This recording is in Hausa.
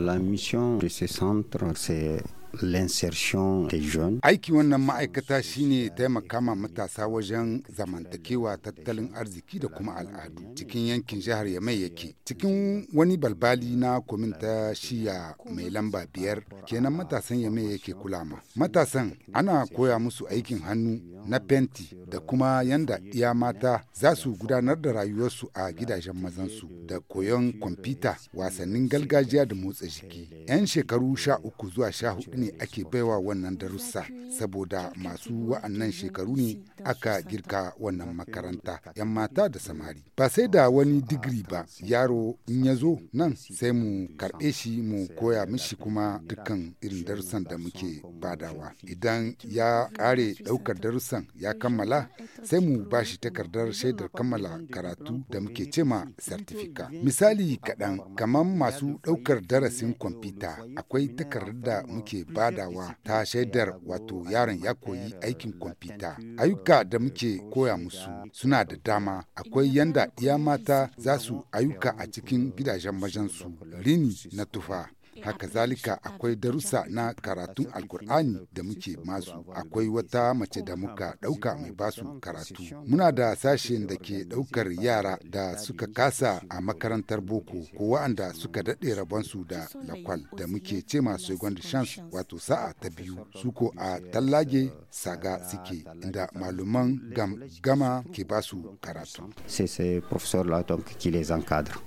La mission de ce centre, c'est l'insertion des jeunes. Aiki wannan ma'aikata shine taimaka ma matasa wajen zamantakewa tattalin arziki da kuma al'adu cikin yankin jihar Yamai yake. Cikin wani balbali na komin ta shiya mai lamba biyar kenan matasan Yamai yake kulama. Matasan ana koya musu aikin hannu na fenti da kuma yanda iya mata za su gudanar da rayuwarsu a gidajen mazansu da koyon kwamfuta wasannin gargajiya da motsa jiki. 'Yan shekaru sha uku zuwa sha hudu ne ake baiwa wannan darussa saboda masu wa'annan shekaru ne aka girka wannan makaranta 'yan mata da samari. Ba sai da wani digiri ba yaro in ya zo nan sai mu karɓe shi mu koya mishi kuma dukkan irin darussan da muke badawa. Idan ya ƙare ɗaukar darussan ya kammala sai mu ba shi takardar shaidar kammala karatu da muke cema sartifika Misali kaɗan kamar masu ɗaukar darasin kwamfuta akwai takardar da muke badawa ta shaidar wato yaron ya koyi aikin kwamfuta. Ayyuka da muke koya musu suna da dama akwai yanda iya mata za su ayyuka a cikin gidajen majansu rini na tufa haka zalika akwai darussa na karatun alkur'ani da muke masu akwai wata mace da muka ɗauka mai basu karatu muna da sashen da ke ɗaukar yara da suka kasa a makarantar boko ko wa'anda suka daɗe rabonsu da lakwal da muke ce masu gwanda shans wato sa'a ta biyu suko a tallage saga suke inda malaman gama ke basu karatu. Sai sai professor Latom kile zan